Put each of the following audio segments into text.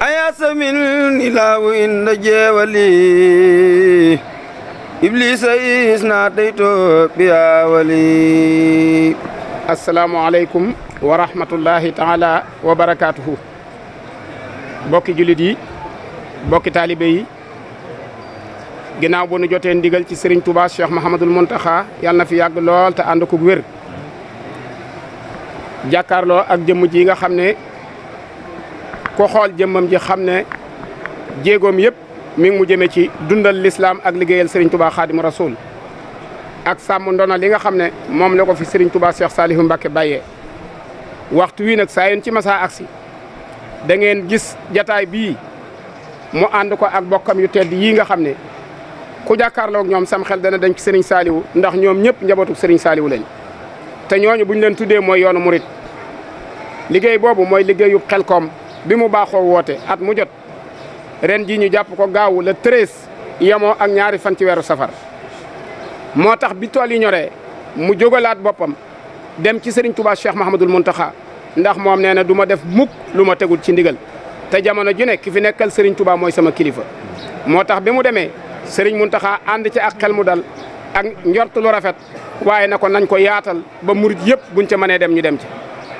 أياس من إله إن جيولي إبليس إسنا تيتو بيا ولي السلام عليكم ورحمة الله تعالى وبركاته بوكي جلدي بوكي طالبي ginnaaw bu nu jotee ndigal ci Serigne Touba Cheikh Mouhamadul Mountakha yàlla na fi yàgg lool te ànd ko wér jàkkaarloo ak jëmm ji nga xam ne ku xool jëmmam ji xam ne jéegoom yëpp mi mu jëmee ci dundal lislaam ak liggéeyal Serigne Touba Xaadimu Rasuul ak sàmm ndono li nga xam ne moom la ko fi Serigne Touba Cheikh Salihu Mbacke bàyyee waxtu wii nag saa yéen ci masaa aksi da ngeen gis jataay bii mu ànd ko ak bokkam yu tedd yii nga xam ne ku jàkkaarloog ñoom sam xel dana dañ ci Serigne Saliou ndax ñoom ñëpp njabootu Serigne Saliou lañ te ñooñu bu ñu leen tuddee mooy yoonu mu rit liggéey boobu mooy liggéeyu xel bi mu baaxoo woote at mu jot ren ji ñu jàpp ko gaawu le treize yamoo ak ñaari fan ci weeru safar moo tax bi tool yi ñoree mu jógalaat boppam dem ci Serigne Touba Cheikh Mahamadul Muntaxa ndax moom nee na du ma def mukk lu ma tegul ci ndigal te jamono ju ne ki fi nekkal Serigne Touba mooy sama kilifa moo tax bi mu demee Serigne Muntaxa ànd ci ak xel mu dal ak njort lu rafet waaye na ko nañ ko yaatal ba murit yëpp buñ ca mënee dem ñu dem ci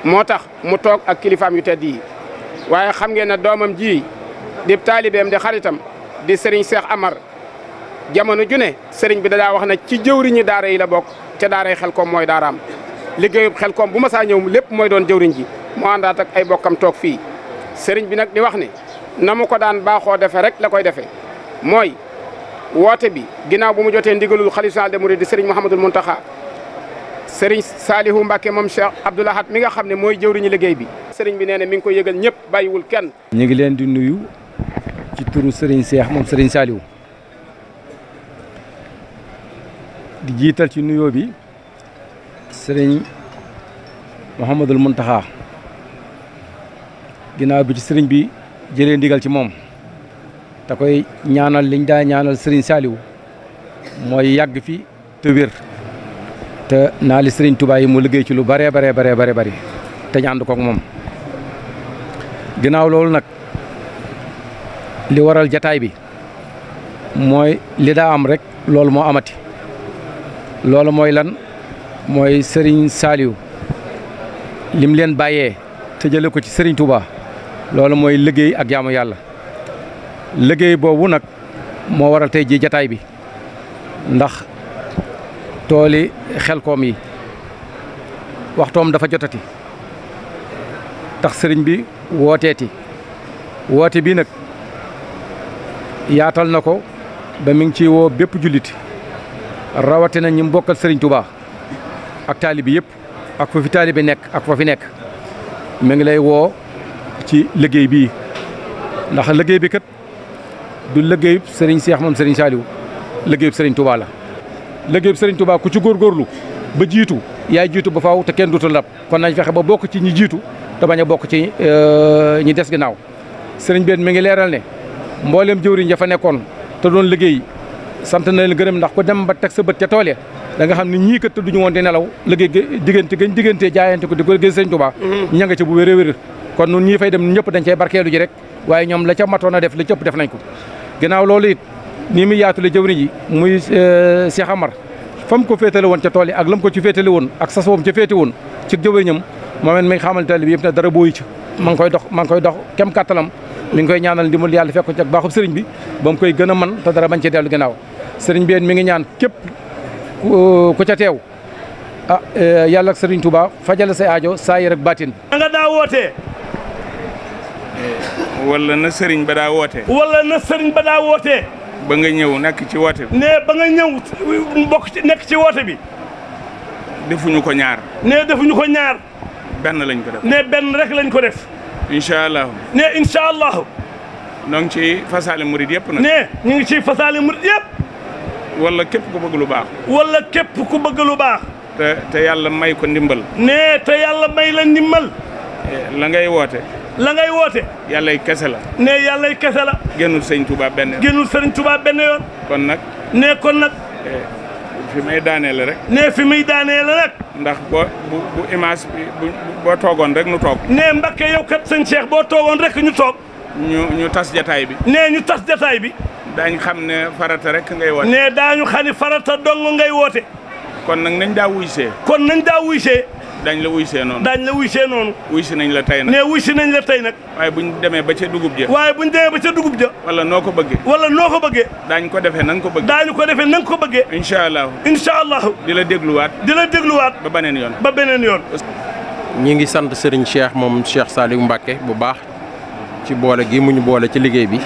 moo tax mu toog ak kilifaam waaye xam ngeen ne doomam ji di taalibeem di xaritam di sëriñ Seex Amar jamono ju ne sëriñ bi dadaa wax na ci jëwriñi daara yi la bokk ca daara yi xel koom mooy daaraam liggéeyub xel koom bu masaa saa ñëw lépp mooy doon jëwriñ ji mu àndaat ay bokkam toog fii sëriñ bi nag di wax ne na mu ko daan baaxoo defee rek la koy defee mooy woote bi ginnaaw bu mu jotee ndigalul xalifa général des mourides di sëriñ Mouhamadul Mountakha sëriñ Saalihu Mbàkke moom Cheikh Abdoul Ahad mi nga xam ne mooy jëwriñu liggéey bi sëriñ bi nee na mi ngi koy yëgal ñëpp bàyyiwul kenn. ñu ngi leen di nuyu ci turu sëriñ Seex moom sëriñ Saliou di jiital ci nuyoo bi sëriñ Mouhamadul Mountakha ginnaaw bi ci sëriñ bi jëlee ndigal ci moom te koy ñaanal liñ daa ñaanal sëriñ saaliw mooy yàgg fi te te naa li sëriñ Touba yi mu liggéey ci lu bare bare bare bare bari te ñu ànd moom ginnaaw loolu nag li waral jataay bi mooy li daa am rek loolu moo amati loolu mooy lan mooy sëriñ Saliou lim leen bàyyee te ko ci sëriñ Touba loolu mooy liggéey ak jaamu yàlla liggéey boobu nag moo waral tey ji jataay bi ndax tooli xelkoom yi waxtoom dafa jotati tax sëriñ bi wooteeti woote bi nag yaatal na ko ba mi ngi ciy woo bépp jullit rawatina ñi mu bokkal sëriñ Tuubaa ak taalibi yëpp ak fa fi taalibi nekk ak fa fi nekk mi ngi lay woo ci liggéey bii ndax liggéey bi kat du liggéeyub sëriñ Seex moom sëriñ Saaliw liggéeyub sëriñ Tuubaa la liggéeyub sëriñ Tuubaa ku ci góorgóorlu ba jiitu yaay jiitu ba faaw te kenn duutal rab kon nañ fexe ba bokk ci ñi jiitu te a bokk ci euh, ñi des ginnaaw sëriñ been mi ngi leeral ne mboolem jëwriñ ja fa nekkoon te doon liggéey sant na leen gërëm ndax ku dem ba teg sa bët ca tool ya da nga xam ne ñii kat duñu woon di nelaw liggéey diggante gañ diggante jaayante ko di ko gën sëñ mm-hmm. ña nga ca bu kon nun ñii fay dem ñëpp dañ cay barkeelu ji rek waaye la ca matoon a def la cëpp def nañ ko ginnaaw loolu it nii muy yaatule jëwriñ ji muy euh, Cheikh Amar fam ko féetale woon ca tool yi ak lam ko ci féetale woon ak sas woom ca féete woon ci jëwriñam moom mi nga xamante ne bi yëpp ne dara booyu ci ma koy dox ma ngi koy dox kem kàttanam mi ngi koy ñaanal ndimbal yàlla fekk ko ci ak baaxub sëriñ bi ba mu koy gën a man te dara bañ ci dellu ginnaaw sëriñ bi mi ngi ñaan képp ku ca teew ah eh, yàlla ak sëriñ Touba fajal say aajo saa yi rek baatin nga daa na sëriñ ba daa wootee wala na sëriñ ba daa wootee ba nga ñëw nekk ci woote bi ne ba nga ñëw mbokk ci nekk ci woote bi defuñu ko ñaar ne defuñu ko ñaar ben lañ ko def. ne ben rek lañ ko def. incha ne inshallah allah. ñoo ci fasaale murid yëpp nag. ne ñu ngi ci fasaale murid yëpp. wala képp ku bëgg lu baax. wala képp ku bëgg lu baax. te te yàlla may ko ndimbal. ne te yàlla may la ndimbal. la ngay woote. la ngay woote. yàllay kese la. ne yàllay kese la. génnul sëñ Touba benn yoon. génnul sëñ Touba benn yoon. kon nag. ne kon nag. fi may daaneel rek. ne fi muy daaneel rek. ndax boo bu bu image bi boo toogoon rek nu toog. nee Mbakke yow kat sëñ Cheikh boo toogoon rekk ñu toog. ñu ñu tas jataay bi. nee ñu tas jataay bi. daañu xam ne farata rek ngay woote. nee daañu xam ne farata dong ngay woote. kon nag nañ daa wuysee. kon nañ daa wuysee. dañ la wuy see noonu dañ wuy see noonu wuy nañ la tey nag ne si nañ la tey nag waaye buñ demee ba ca dugub ja waaye buñ demee ba ca dugub ja wala noo ko bëggee wala noo ko bëggee daañ ko defee na nga ko bëggee daañu ko defee na ko bëggee incha allahu incha allahu di la dégluwaat di la dégluwaat ba beneen yoon ba beneen yoon ñi ngi sant Serigne Cheikh moom Cheikh Saliou Mbacké bu baax ci boole gi mu ñu boole ci liggéey bi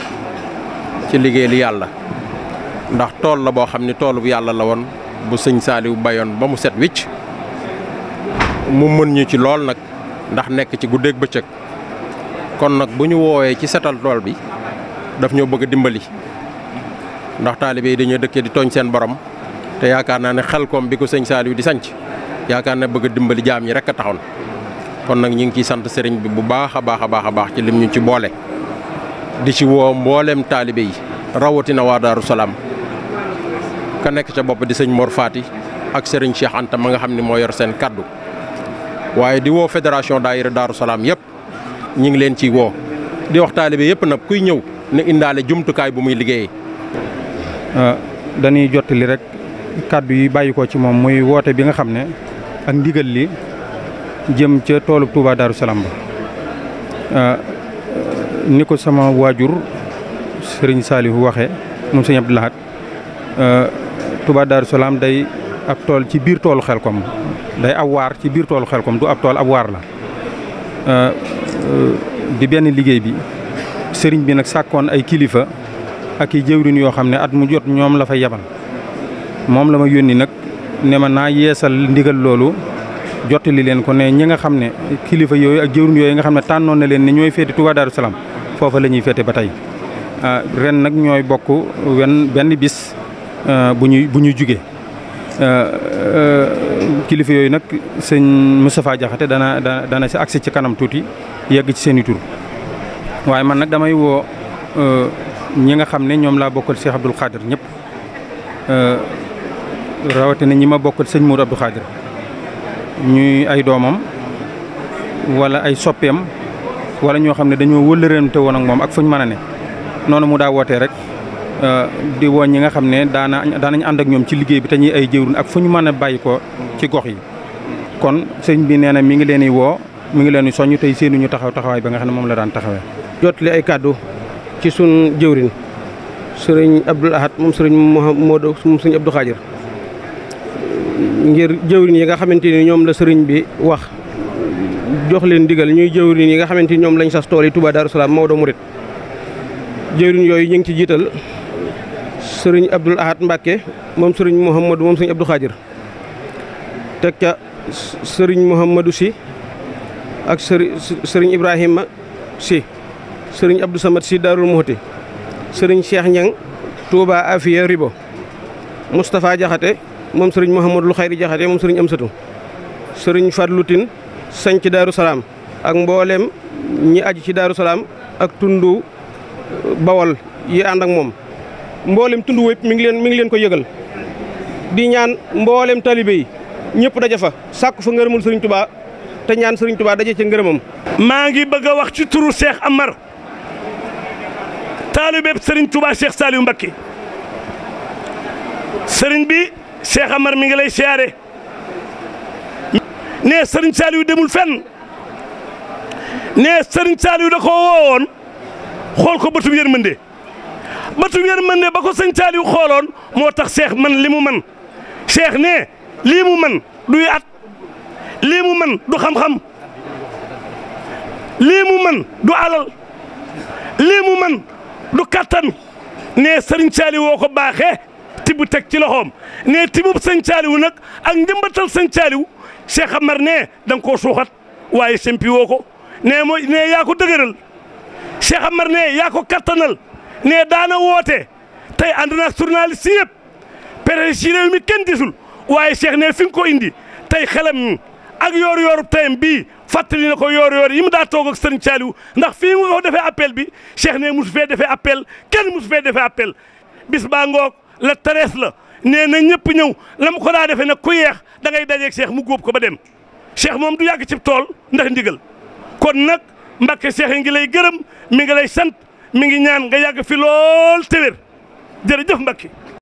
ci liggéey li yàlla ndax tool la boo xam ne toolu yàlla la woon bu sëñ Saliou bayoon ba mu set wicc mu mën ñu ci lool nag ndax nekk ci guddeeg bëccëg kon nag bu ñu woowee ci setal tool bi daf ñoo bëgg dimbali ndax taalibe yi dañoo dëkkee di tooñ seen borom te yaakaar naa ne xel koom bi ko sëñ Saliou di sanc yaakaar naa bëgg dimbali jaam yi rek a taxoon kon nag ñu ngi ciy sant sëriñ bi bu baax a baax a baax a baax ci lim ñu ci boole di ci woo mbooleem taalibe yi rawatina waa Daaru Salaam ka nekk ca bopp di sëñ Mor ak sëriñ Cheikh Anta ma nga xam ne moo yor seen kaddu. waaye di woo fédération daayira Daaru Salaam yëpp ñu ngi leen ciy woo di wax bi yëpp nag kuy ñëw ne indaale jumtukaay bu muy liggéeyee. Ah, dañuy jottali rekk kàddu yi bàyyi ko ci moom muy woote bi nga xam ne ak ndigal li jëm ca toolu Touba Daaru Salaam ba ah, ni ko sama waajur sëriñ Saliou waxe moom sëñ Abdou Lahad ah, Touba Daaru Salaam day. ab tool ci biir toolu xel xelkom day ab waar ci biir toolu xel xelkom du ab tool ab waar la euh, euh, di benn liggéey bi sëriñ bi nag sàkkoon ay kilifa ak i jëwriñ yoo xam ne at mu jot ñoom la fa yebal moom la ma yónni nag ne ma naa yeesal ndigal loolu jottali leen ko ne ñi nga xam ne kilifa yooyu ak jëwriñ yooyu nga xam ne tànnoon na leen ne ñooy féete Touba Darou Salaam foofa la ñuy féete ba tey euh, ren nag ñooy bokk wenn benn bis bu ñuy bu ñuy Euh, euh, kilifa yooyu nag sëñ Moustapha Diakhaté dana dana si agsi ci kanam tuuti yegg ci seen i tur waaye man nag damay woo euh, ñi nga xam ne ñoom laa bokkal Cheikh Abdoul Khadir ñëpp rawatina ñi ma bokkal sëñ Mour Abdou Khadir ñuy ay doomam wala ay soppeem wala ñoo xam ne dañoo wëllërante woon ak moom ak fuñ mën a ne noonu mu daa wootee rek. Euh, di woo ñi nga xam ne daana daanañ ànd ak ñoom ci liggéey bi te ñuy ay jëwriñ ak fu ñu mën a bàyyi ko ci gox yi kon sëñ bi nee na mi ngi leen di woo mi ngi leen di soññ tey ñu taxaw taxawaay bi nga xam ne moom la daan jot jotli ay kàddu ci suñ jëwriñ sëriñ Abdoul Ahad moom sëriñ Modou moom sëriñ Abdou Khadir ngir jëwriñ yi nga xamante ni ñoom la sëriñ bi wax jox leen digal ñuy jëwriñ yi nga xamante ni ñoom lañ sas tool yi Touba Darou Salaam Maodo Mouride jëwriñ serigne Abdul Ahad Mbacke mom serigne mohammed mom serigne Abdou Khadir tek ca serigne mohammed si ak serigne Ibrahim si serigne Abdul Samad si Darul Muhti, serigne Cheikh Niang Touba Afia Ribo Moustapha mom serigne mohammed lu khairi Diakhaté mom serigne Amsatou serigne Fadlou sanc sañ ci Darou Salaam ak mbollem ñi aji ci ak tundu eh, Bawol yi and ak mom mboolem tund wépp mi ngi leen mi ngi leen ko yëgal di ñaan mbooleem talibe yi ñëpp daja fa sàkku fa ngërëmul sëriñ tubaa te ñaan sëriñ tubaa daje ci ngërëmam maa ngi bëgg a wax ci turu Cheikh Amar taalibeeb sëriñ tubaa Cheikh Saliou Mbacké sëriñ bi Cheikh Amar mi ngi lay siyaare ne sëriñ Saliou demul fen ne sëriñ Saliou da ko woowoon xool ko bëtum yërmande bëtu yërmande ba ko sëñ Saaliw xooloon moo tax seex man li mu man seex ne lii mu man duy at lii man du xam-xam lii mu man du alal lii mu man du kattan ne sëriñ Saaliw woo ko baaxee tibb teg ci loxoom ne tibub sëñ Saaliw nag ak njëmbatal sëñ Saaliw Cheikh Amar ne da nga koo suuxat waaye sempi woo ko ne mooy ne yaa ko dëgëral Cheikh Amar ne yaa ko kattanal ne daana woote tey ànd na ak journaliste yëpp presse si réew kenn gisul waaye Cheikh ne fi nga ko indi tey xelam ak yoor-yooru tayam bii fàttali ko yoor-yoor yi mu daa toog ak sëriñ Saliou ndax fii mu ko defee appel bi Cheikh ne musu fee defee appel kenn musu fee defee appel bis baa ngoog la treize la nee na ñëpp ñëw la mu ko daa defee nag ku yeex da ngay dajeeg Cheikh mu góob ko ba dem Cheikh moom du yàgg cib tool ndax ndigal kon nag Mbàkke Cheikh ngi lay gërëm mi ngi lay sant. mi ngi ñaan nga yàgg fi lool téwér jërëjëf Mbacke